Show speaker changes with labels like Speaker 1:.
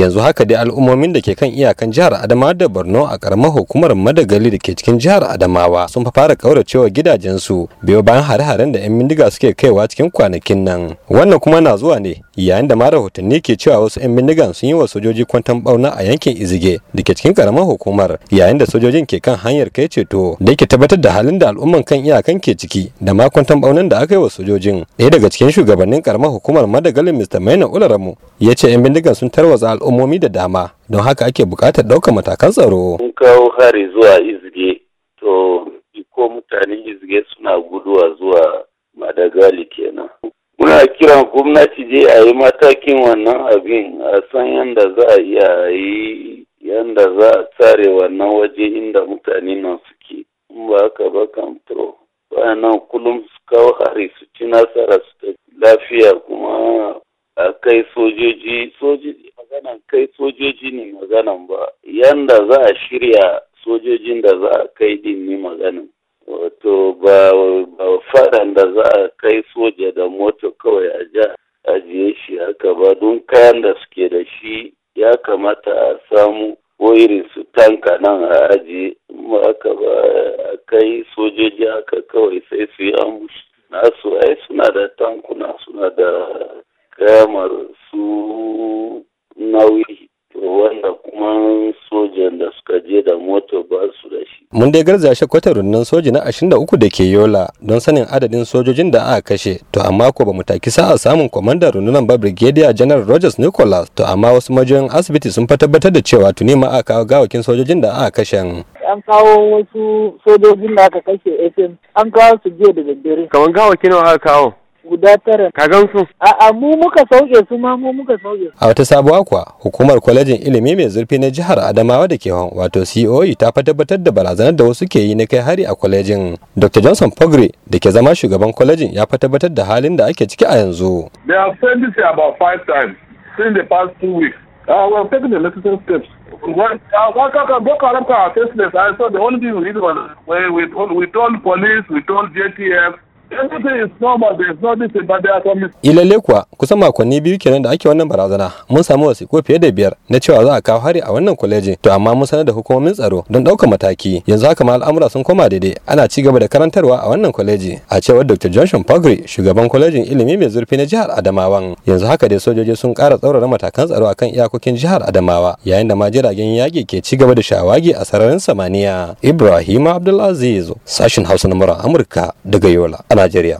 Speaker 1: yanzu haka dai al'ummomin da ke kan iyakan jihar adamawa da borno a karamar hukumar madagali da ke cikin jihar adamawa sun fara kauracewa gidajensu biyo bayan hare-haren da 'yan bindiga suke kaiwa cikin kwanakin nan wannan kuma na zuwa ne yayin da ma rahotanni ke cewa wasu 'yan bindigan sun yi wa sojoji kwantan bauna a yankin izige da ke cikin karamar hukumar yayin da sojojin ke kan hanyar kai ceto da ke tabbatar da halin da al'umman kan iyakan ke ciki da ma kwantan baunan da aka yi wa sojojin ɗaya daga cikin shugabannin karamar hukumar madagali mr maina ularamu ya ce 'yan bindigan sun tarwatsa al'ummomi da dama don haka ake buƙatar ɗaukar matakan tsaro. Mun
Speaker 2: kawo hari zuwa Izge, to ko mutanen Izge suna guduwa zuwa Madagali kenan. Muna kiran gwamnati je a yi matakin wannan abin a san yadda za a iya yi yadda za a tsare wannan waje inda mutane nan suke. In ba haka ba kan to. Bayanan kullum su kawo hari su ci nasara su ta lafiya kuma a kai sojoji sojoji sojoji ne maganan ba yanda za a shirya sojojin da za a kai din ne maganin wato ba faɗan da za a kai soja da moto kawai a ja ajiye shi haka ba don kayan da suke da shi ya kamata a samu ko irin su tanka nan a ajiye ma aka ba a kai sojoji haka kawai sai su yi amushi nasu ai suna da tankuna suna da kamar
Speaker 1: mun dai garzaya shi kwatar rundunar soji na 23 da ke yola don sanin adadin sojojin da aka kashe to amma ko ba mu taki sa'a samun kwamandan rundunar ba brigadier general rogers nicholas to amma wasu majiyoyin asibiti sun tabbatar da cewa tuni ma aka kawo gawakin sojojin da aka kashe an
Speaker 2: kawo wasu sojojin da aka kashe fm eh, an kawo su jiya da daddare kamar gawakin nawa aka kawo guda tara. Ka gan su? A'a mu muka sauke su ma mu muka sauke.
Speaker 1: A wata sabuwa kuwa hukumar kwalejin ilimi mai zurfi na jihar Adamawa da Kehon wato COE ta fa tabbatar da barazanar da wasu ke yi na kai hari a kwalejin. Dr. Johnson Pogre da ke zama shugaban kwalejin ya fa tabbatar da halin da ake ciki a yanzu.
Speaker 2: They have said this about five times in the past two weeks. Uh, we have taken the necessary steps. When uh, Boko Haram are faceless, I saw the only thing we did was we, we, we told police, we told JTF,
Speaker 1: Ilalle kuwa kusan makonni biyu kenan da ake wannan barazana mun samu ko fiye da biyar na cewa za a kawo hari a wannan kwalejin, to amma mun sanar da hukumomin tsaro don ɗaukar mataki yanzu haka ma al'amura sun koma daidai ana ci gaba da karantarwa a wannan kwaleji a cewar Dr. Johnson Pagri shugaban kwalejin ilimi mai zurfi na jihar Adamawa, yanzu haka dai sojoji sun ƙara tsaurara matakan tsaro akan iyakokin jihar Adamawa yayin da ma jiragen yaƙi ke ci gaba da shawagi a sararin samaniya Ibrahim Abdulaziz Sashen Hausa na Amurka daga Yola Nigeria.